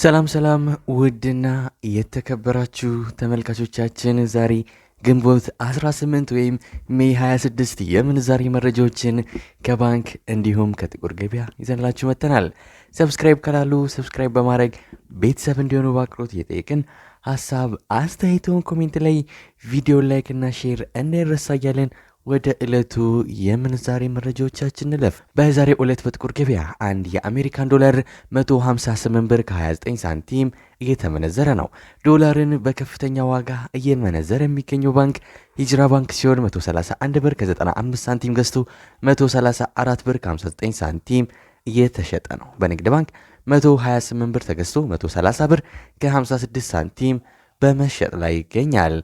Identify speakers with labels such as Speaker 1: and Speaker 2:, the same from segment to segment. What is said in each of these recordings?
Speaker 1: ሰላም ሰላም ውድና የተከበራችሁ ተመልካቾቻችን ዛሬ ግንቦት 18 ወይም ሜይ 26 የምንዛሬ መረጃዎችን ከባንክ እንዲሁም ከጥቁር ገበያ ይዘንላችሁ መጥተናል። ሰብስክራይብ ካላሉ ሰብስክራይብ በማድረግ ቤተሰብ እንዲሆኑ በአክብሮት እየጠየቅን ሀሳብ አስተያየቶን ኮሜንት ላይ ቪዲዮ ላይክ እና ሼር እንዳይረሳ እያለን ወደ ዕለቱ የምንዛሬ መረጃዎቻችን እንለፍ። በዛሬ ዕለት በጥቁር ገበያ አንድ የአሜሪካን ዶላር 158 ብር ከ29 ሳንቲም እየተመነዘረ ነው። ዶላርን በከፍተኛ ዋጋ እየመነዘረ የሚገኘው ባንክ ሂጅራ ባንክ ሲሆን 131 ብር ከ95 ሳንቲም ገዝቶ 134 ብር ከ59 ሳንቲም እየተሸጠ ነው። በንግድ ባንክ 128 ብር ተገዝቶ 130 ብር ከ56 ሳንቲም በመሸጥ ላይ ይገኛል።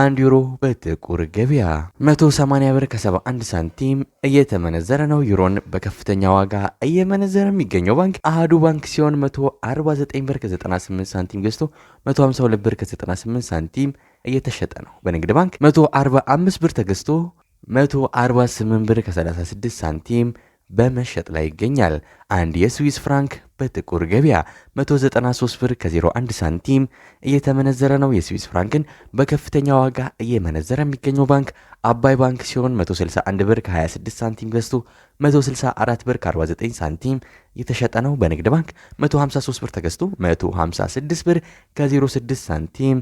Speaker 1: አንድ ዩሮ በጥቁር ገበያ 180 ብር ከ71 ሳንቲም እየተመነዘረ ነው። ዩሮን በከፍተኛ ዋጋ እየመነዘረ የሚገኘው ባንክ አሃዱ ባንክ ሲሆን 149 ብር ከ98 ሳንቲም ገዝቶ 152 ብር ከ98 ሳንቲም እየተሸጠ ነው። በንግድ ባንክ 145 ብር ተገዝቶ 148 ብር ከ36 ሳንቲም በመሸጥ ላይ ይገኛል። አንድ የስዊስ ፍራንክ በጥቁር ገበያ 193 ብር ከ01 ሳንቲም እየተመነዘረ ነው። የስዊስ ፍራንክን በከፍተኛ ዋጋ እየመነዘረ የሚገኘው ባንክ አባይ ባንክ ሲሆን 161 ብር ከ26 ሳንቲም ገዝቶ 164 ብር ከ49 ሳንቲም የተሸጠ ነው። በንግድ ባንክ 153 ብር ተገዝቶ 156 ብር ከ06 ሳንቲም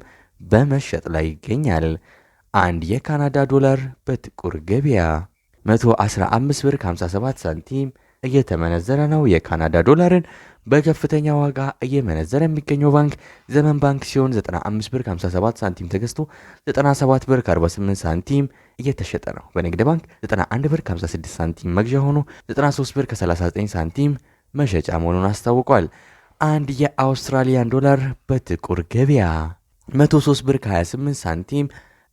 Speaker 1: በመሸጥ ላይ ይገኛል። አንድ የካናዳ ዶላር በጥቁር ገበያ 115 ብር 57 ሳንቲም እየተመነዘረ ነው። የካናዳ ዶላርን በከፍተኛ ዋጋ እየመነዘረ የሚገኘው ባንክ ዘመን ባንክ ሲሆን 95 ብር 57 ሳንቲም ተገዝቶ 97 ብር 48 ሳንቲም እየተሸጠ ነው። በንግድ ባንክ 91 ብር 56 ሳንቲም መግዣ ሆኖ 93 ብር 39 ሳንቲም መሸጫ መሆኑን አስታውቋል። አንድ የአውስትራሊያን ዶላር በጥቁር ገበያ 103 ብር 28 ሳንቲም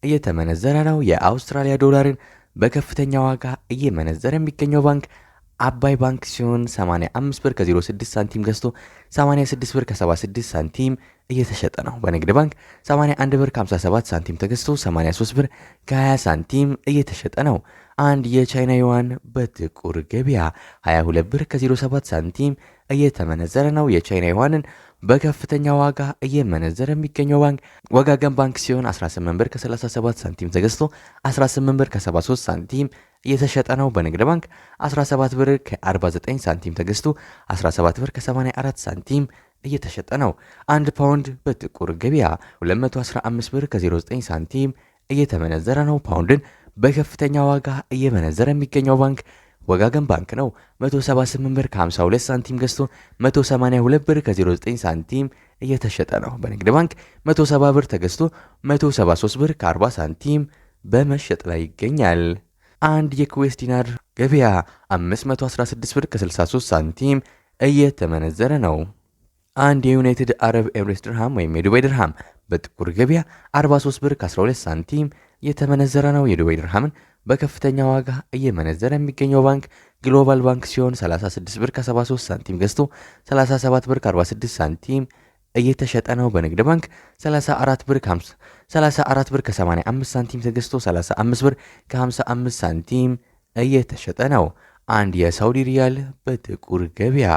Speaker 1: እየተመነዘረ ነው። የአውስትራሊያ ዶላርን በከፍተኛ ዋጋ እየመነዘረ የሚገኘው ባንክ አባይ ባንክ ሲሆን 85 ብር ከ06 ሳንቲም ገዝቶ 86 ብር ከ76 ሳንቲም እየተሸጠ ነው። በንግድ ባንክ 81 ብር ከ57 ሳንቲም ተገዝቶ 83 ብር ከ20 ሳንቲም እየተሸጠ ነው። አንድ የቻይና ዩዋን በጥቁር ገበያ 22 ብር ከ07 ሳንቲም እየተመነዘረ ነው። የቻይና ዩዋንን በከፍተኛ ዋጋ እየመነዘረ የሚገኘው ባንክ ወጋገን ባንክ ሲሆን 18 ብር ከ37 ሳንቲም ተገዝቶ 18 ብር ከ73 ሳንቲም እየተሸጠ ነው። በንግድ ባንክ 17 ብር ከ49 ሳንቲም ተገዝቶ 17 ብር ከ84 ሳንቲም እየተሸጠ ነው። አንድ ፓውንድ በጥቁር ገበያ 215 ብር ከ09 ሳንቲም እየተመነዘረ ነው። ፓውንድን በከፍተኛ ዋጋ እየመነዘረ የሚገኘው ባንክ ወጋገን ባንክ ነው 178 ብር ከ52 ሳንቲም ገዝቶ 182 ብር ከ09 ሳንቲም እየተሸጠ ነው። በንግድ ባንክ 170 ብር ተገዝቶ 173 ብር ከ40 ሳንቲም በመሸጥ ላይ ይገኛል። አንድ የኩዌስ ዲናር ገበያ 516 ብር ከ63 ሳንቲም እየተመነዘረ ነው። አንድ የዩናይትድ አረብ ኤምሬትስ ድርሃም ወይም የዱባይ ድርሃም በጥቁር ገበያ 43 ብር ከ12 ሳንቲም የተመነዘረ ነው። የዱባይ ድርሃምን በከፍተኛ ዋጋ እየመነዘረ የሚገኘው ባንክ ግሎባል ባንክ ሲሆን 36 ብር ከ73 ሳንቲም ገዝቶ 37 ብር ከ46 ሳንቲም እየተሸጠ ነው። በንግድ ባንክ 34 ብር 34 ብር ከ85 ሳንቲም ተገዝቶ 35 ብር ከ55 ሳንቲም እየተሸጠ ነው። አንድ የሳውዲ ሪያል በጥቁር ገበያ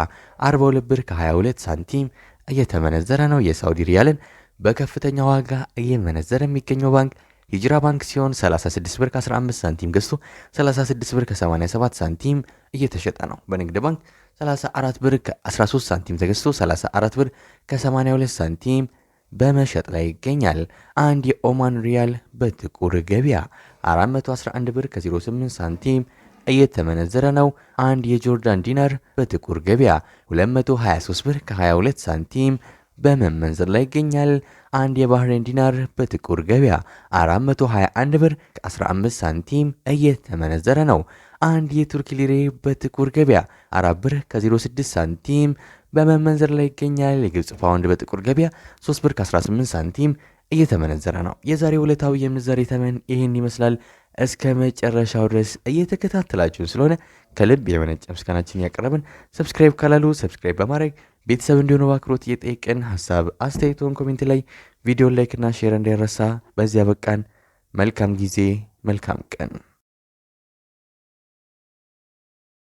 Speaker 1: 42 ብር ከ22 ሳንቲም እየተመነዘረ ነው። የሳውዲ ሪያልን በከፍተኛ ዋጋ እየመነዘረ የሚገኘው ባንክ ሂጅራ ባንክ ሲሆን 36 ብር ከ15 ሳንቲም ገዝቶ 36 ብር ከ87 ሳንቲም እየተሸጠ ነው። በንግድ ባንክ 34 ብር ከ13 ሳንቲም ተገዝቶ 34 ብር ከ82 ሳንቲም በመሸጥ ላይ ይገኛል። አንድ የኦማን ሪያል በጥቁር ገበያ 411 ብር ከ08 ሳንቲም እየተመነዘረ ነው። አንድ የጆርዳን ዲናር በጥቁር ገበያ 223 ብር ከ22 ሳንቲም በመመንዘር ላይ ይገኛል። አንድ የባህሬን ዲናር በጥቁር ገበያ 421 ብር ከ15 ሳንቲም እየተመነዘረ ነው። አንድ የቱርኪ ሊሬ በጥቁር ገበያ 4 ብር ከ06 ሳንቲም በመመንዘር ላይ ይገኛል። የግብፅ ፓውንድ በጥቁር ገበያ 3 ብር ከ18 ሳንቲም እየተመነዘረ ነው። የዛሬው ዕለታዊ የምንዛሬ ተመን ይህን ይመስላል። እስከ መጨረሻው ድረስ እየተከታተላችሁን ስለሆነ ከልብ የመነጨ ምስጋናችን ያቀረብን። ሰብስክራይብ ካላሉ ሰብስክራይብ በማድረግ ቤተሰብ እንዲሆኑ በአክብሮት እየጠየቅን ሀሳብ አስተያየቶን ኮሜንት ላይ ቪዲዮ ላይክና ሼር እንዳይረሳ። በዚያ በቃን። መልካም ጊዜ፣ መልካም ቀን